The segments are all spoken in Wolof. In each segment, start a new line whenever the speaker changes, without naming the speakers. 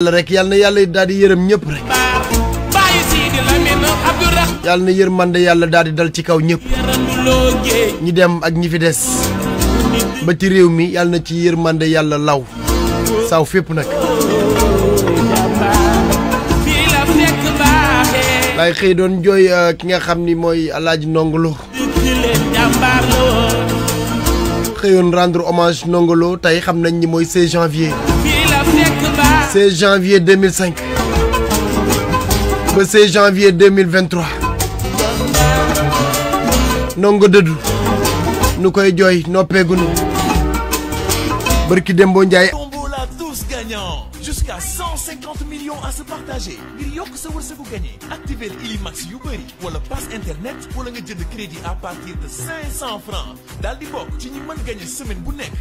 yàlla rek yàlla na yàlla daal di yërëm ñëpp rek yàlla na yërmande yàlla daal di dal ci kaw ñëpp ñi dem ak ñi fi des ba ci réew mi yàlla na ci yërmande yàlla law saw fépp nag lay xëy doon jooy euh, ki nga xam ni mooy alaaji nongolo xëyoon rendre hommage nongolo tey xam nañ ni mooy 16 janvier 16 janvier 2005 ba 16 janvier 2023 nongo dëddu nu koy jooy noppeegunu barki Dembo Ndiaye
jusqu'à 150 millions à se partager que vous sa activez gagné Activez ou Uberi ou le passe internet le nga de crédit à partir de 500 francs dans di bokk ci ñi mën gagné semaine bu nekk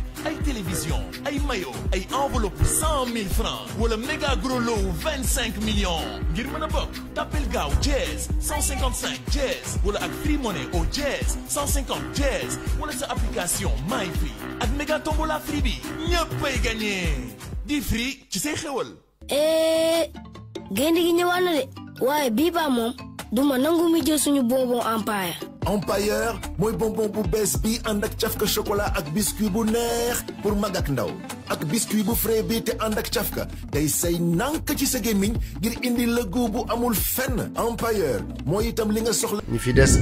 télévision ay maillot ay enveloppe 100 000 francs le méga gros lot 25 millions ngir mën a tapel jazz 155 jazz ou le free money au jazz 150 jazz wala sa application MyFree ak méga tombola freebie, bi di free ci say xewal.
Eh, gaynde gi ñëwaat na waaye bii baa moom duma nangu mi jël suñu bonbon Empire.
Empire mooy bonbon bu bees bi ànd ak cafka chocolat ak biscuit
bu neex pour mag ak ndaw. ak biscuit bu frais bi te ànd ak cafka tey say nànk ci sa gémmiñ ngir indi la goût bu amul fenn Empailleur mooy itam li nga soxla. ñu fi des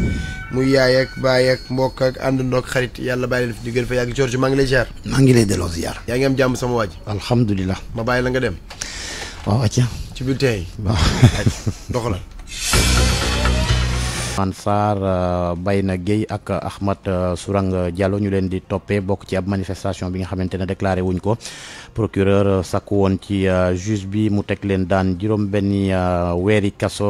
muy yaay ak baay ak mbokk ak àndandoo ak xarit yàlla bàyyi la fi ñu gën fa yàgg George maa ngi lay ziar. maa ngi lay delloo ziar. yaa ngi am jàmm sama waa ji. alhamdulilah. ma bàyyi la nga dem. waaw acca. ci bulletin yi. waaw la Ousmane Sarr euh, Bayna Gueye ak euh, Ahmad euh, Sourang Diallo ñu leen di toppee bokk ci ab manifestation bi nga xamante ne déclaré wuñ ko procureur sakku woon ci juge bi mu teg leen daan juróom benni weeri kaso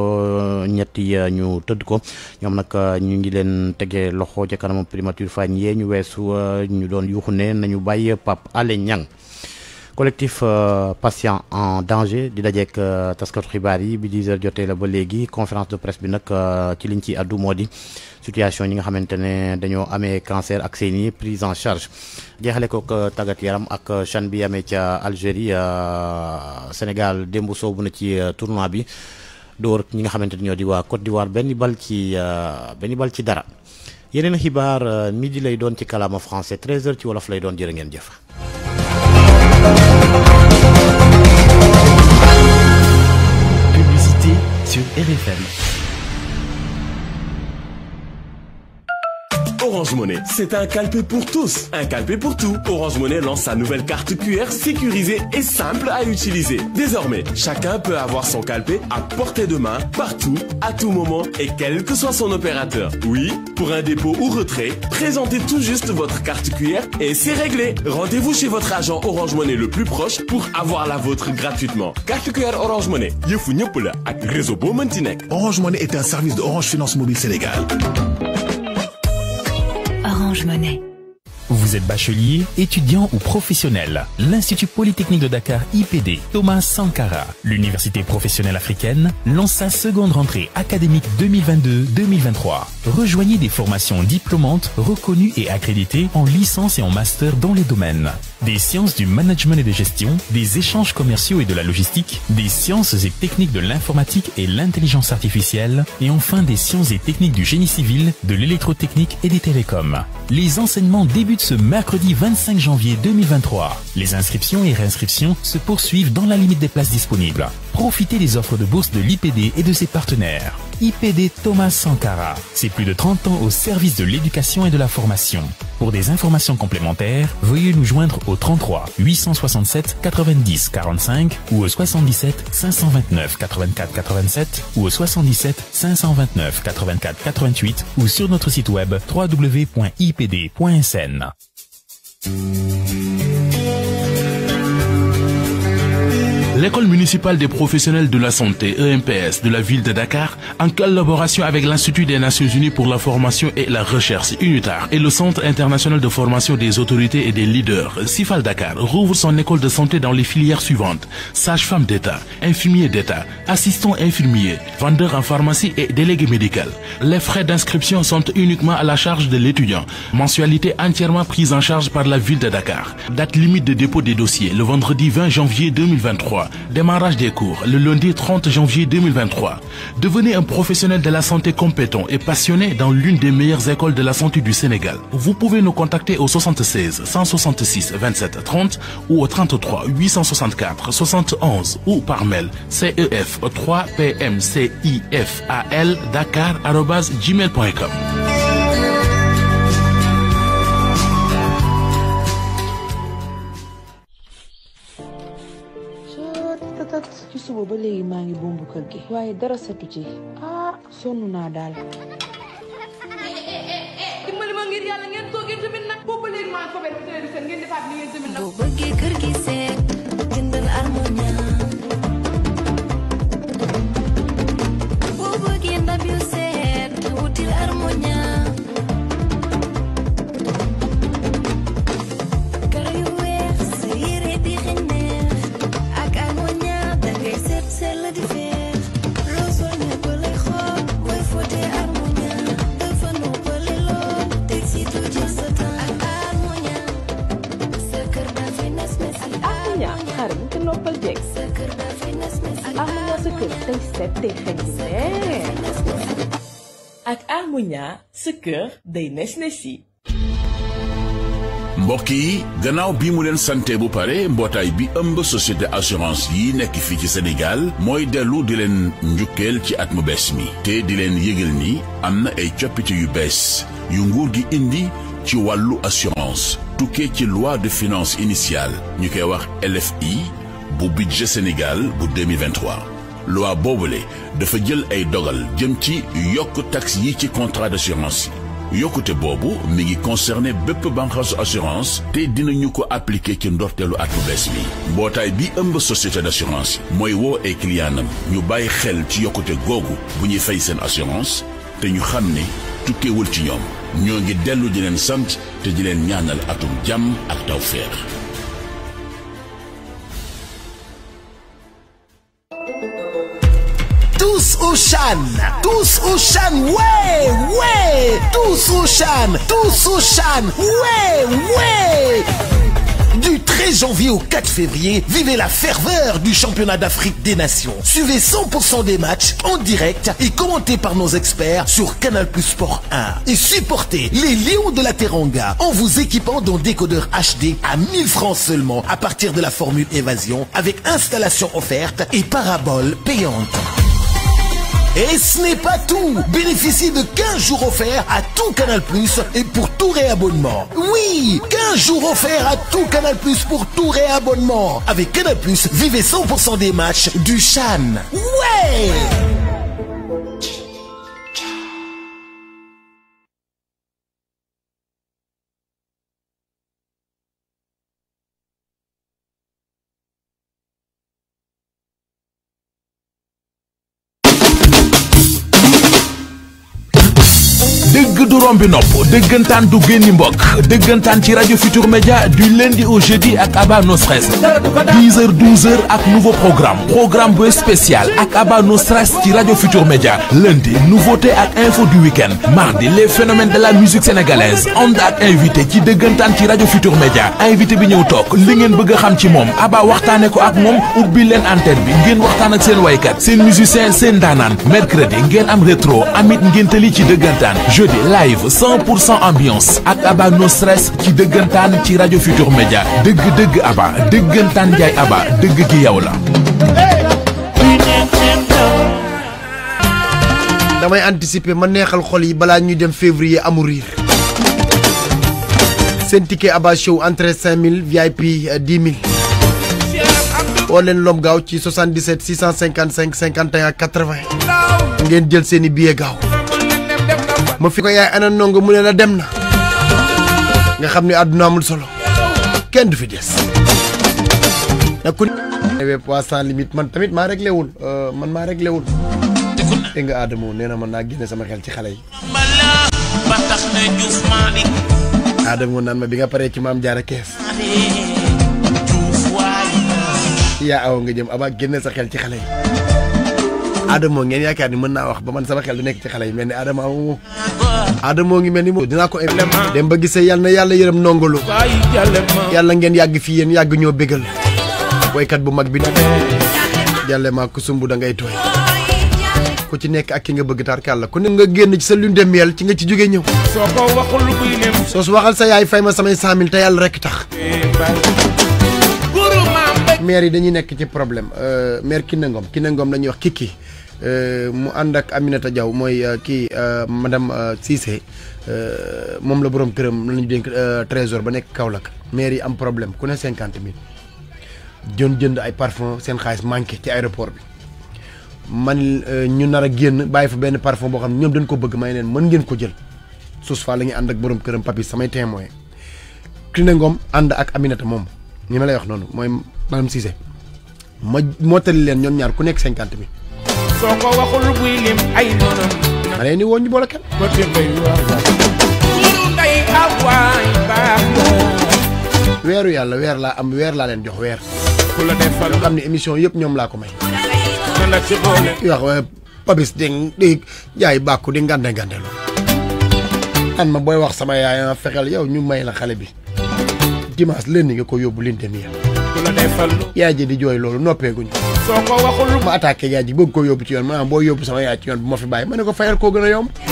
ñetti ñu tëdd ko ñoom nag ñu ngi leen tegee loxo ca kanamu primature fan yee ñu weesu ñu doon yuuxu ne nañu bàyyi Pape Alé Niang collectif euh, patient en danger di dajek euh, taskatu xibaar yi bi 10 heures jotee la ba léegi conférence de presse bi nak euh, ci liñ ci addu modi situation yi nga xamantene dañoo cancer ak seen i prise en charge jeexale ko tagat yaram ak CHAN bi amé ci Algérie Sénégal démb sobu na ci tournoi bi dóor ñi nga xamantene ñoo di wa Côte d'Ivoire benn bal ci benn bal ci dara yeneen xibaar midi lay doon ci kàllaama français 13h ci wolof lay doon jërë ngeen jëf. sur RFM.
Orange Monnaie. C'est un calpé pour tous, un calpé pour tout. Orange Monnaie lance sa nouvelle carte QR sécurisée et simple à utiliser. Désormais, chacun peut avoir son calpé à portée de main, partout, à tout moment et quel que soit son opérateur. Oui, pour un dépôt ou retrait, présentez tout juste votre carte QR et c'est réglé. Rendez-vous chez votre agent Orange Monnaie le plus proche pour avoir la vôtre gratuitement. Carte QR Orange Monnaie. Yefou réseau
Orange Monnaie est un service d'Orange Finance Mobile
Sénégal. Je m'en vous êtes bachelier, étudiant ou professionnel. L'Institut Polytechnique de Dakar IPD, Thomas Sankara, l'Université professionnelle africaine lance sa seconde rentrée académique 2022-2023. Rejoignez des formations diplômantes reconnues et accréditées en licence et en master dans les domaines des sciences du management et de gestion, des échanges commerciaux et de la logistique, des sciences et techniques de l'informatique et l'intelligence artificielle, et enfin des sciences et techniques du génie civil, de l'électrotechnique et des télécoms. Les enseignements débutent ce mercredi 25 janvier 2023. Les inscriptions et réinscriptions se poursuivent dans la limite des places disponibles. Profitez des offres de bourse de l'IPD et de ses partenaires. IPD Thomas Sankara, c'est plus de 30 ans au service de l'éducation et de la formation. Pour des informations complémentaires, veuillez nous joindre au 33 867 90 45 ou au 77 529 84 87 ou au 77 529 84 88 ou sur notre site web www.ipd.sn. L'école municipale
des professionnels de la santé, EMPS, de la ville de Dakar, en collaboration avec l'Institut des Nations Unies pour la formation et la recherche, UNITAR, et le Centre international de formation des autorités et des leaders, CIFAL Dakar, rouvre son école de santé dans les filières suivantes. Sage-femme d'État, infirmier d'État, assistant infirmier, vendeur en pharmacie et délégué médical. Les frais d'inscription sont uniquement à la charge de l'étudiant. Mensualité entièrement prise en charge par la ville de Dakar. Date limite de dépôt des dossiers, le vendredi 20 janvier 2023. Démarrage des cours le lundi 30 janvier 2023. Devenez un professionnel de la santé compétent et passionné dans l'une des meilleures écoles de la santé du Sénégal. Vous pouvez nous contacter au 76 166 27 30 ou au 33 864 71 ou par mail cef 3 pmcifaldakargmailcom
waaye dara setu ci ah naa daal.
dimbali ma ngir yàlla ngeen toog yéen tamit nag. boobu léegi maa ngi ko benn ngeen defaat li ngeen tamit nag. boo bëggee kër gi see. te xeññee ak
Harmonia de cœur day nes nesi mbokk bi sante bu paré, mbootaay bi société assurance yi nek Senegal, ci Sénégal moy delu di len njukkeel ci at mu bess mi Té di l'en ni indi ci assurance Tuké ci loi de finances initiale ñu wax LFI bu budget Sénégal bu 2023 loi Bobole dafa jël ay dogal jëm ci yokk taxe yi ci contrat d'assurance yi yokkute bobu mi ngi concerné bépp bànqaasu assurance te dinañu ko appliquer ci ndortelu at bu bees bi bi ëmb société d'assurance moy wo ay clientam ñu bàyyi xel ci yokkute gogu bu ñi fay seen assurance te ñu tuke ne tukkeewul ci ñom ñoo di sant te di leen ñaanal atum jam ak Tous tous Ocean, ouais, ouais, tous Ocean, tous Ocean, ouais, ouais. Du 13 janvier au 4 février, vivez la ferveur du championnat d'Afrique des Nations. Suivez 100% des matchs en direct et commentez par nos experts sur Canal Plus Sport 1. Et supportez les Lions de la Teranga en vous équipant d'un décodeur HD à 1000 francs seulement à partir de la formule évasion avec installation offerte et parabole payante. Et ce n'est pas tout Bénéficiez de 15 jours offerts à tout Canal Plus et pour tout réabonnement. Oui 15 jours offerts à tout Canal Plus pour tout réabonnement. Avec Canal Plus, vivez 100% des matchs du Chan. Ouais dëgg du rombi nopp dëggantaan du génni mbokk dëggantaan ci rajo Futur Média du lundi au jeudi ak Aba No Stress 10 heures 12 ak nouveau programme programme bu spécial ak Aba No ci rajo Futur Média lundi nouveauté ak info du week-end mardi le phénomènes de la musique sénégalaise onde ak invité ci dëggantaan ci rajo Futur Média invité bi ñëw toog li ngeen bëgg a xam ci moom Aba waxtaane ko ak moom ubbi leen antenne bi ngeen waxtaan ak seen waykat seen seen daanaan mercredi ngeen am rétro amit ngéntali ci dëggantaan Des live 100 ambiance ak Abba No Stress ci dëggantaan ci radio Futur Média deug deug Abba dëggantaan jay aba. deug gi yaw la.
damay anticiper ma neexal xol yi bala ñu dem février amul mourir. ticket Abba Show Entre 5000 VIP 10000 000. lom gaaw ci 77 655 51 80 ngeen jël seen billet ma fi ko yaay anan nongo mu la dem na nga xamni aduna amul solo kenn du fi dess nag ku web limite man tamit ma réglé wul euh, man ma réglé wul e nga Adamo neena man na génne sama xel ci xalé yi ba tax Adamo ma bi nga paree ci mam jaara kess ya aw nga jëm aba génne sa xel ci xalé yi adamo ngeen yaakaar ni mën naa wax ba man sama xel du nekk ci xale yi mel ni adama amu adamo ngi mel ni mu dinaa ko dem ba gisee yàlla na yàlla yërëm nongolo yàlla ngeen yàgg fii yéen yàgg ñoo bégal woykat bu mag bi nag jàlle maa ku sumb da ngay tooy ku ci nekk ak ki nga bëgg tar tarkàlla ku ne nga génn ci sa lune de miel ci nga ci jóge ñëw soo ko waxul kuy nem soo su waxal sa yaay fay ma samay cent mille te yàlla rek tax maire yi dañuy nekk ci problème euh, maire Kiné Ngom Kiné Ngom la ñuy wax kiki Eh, mu andak ak Aminata Diaw moy eh, ki eh, madame Cissé mom la borom kërëm lañu dénk trésor ba nek Kaolack maire yi am problème ku ne 50000 jeun jeund ay parfum sen xaliss manké ci aéroport bi man ñu nara a génn bàyyi fa ben parfum bo xam ñom dañ ko bëgg may leen mën ngeen ko jël sous fa la ñuy ak borom kërëm papi samay témoin Cline Ngom and ak Aminata mom ñi ma lay wax non moy madame Cissé ma motali leen ñom ñaar ku nek 50000
soo waxul buy lim ay mënam.
ma leen di woo ñu boole kenn. bay am weer laa leen jox weer. ku la defal nga xam émission ko may. la ci Pabis ding, di jaay bàkku di ngande an ma booy sama yaay yow ñu may la bi dimanche la day yaay ji di jooy loolu noppeeguñu soo ko waxul ma attaqué yaay ji bëgg ko yóbbu ci yoon maanaam boo yóbbu sama yaay ci yoon bu ma fi bàyyi ma ne ko fayal koo gën a yomb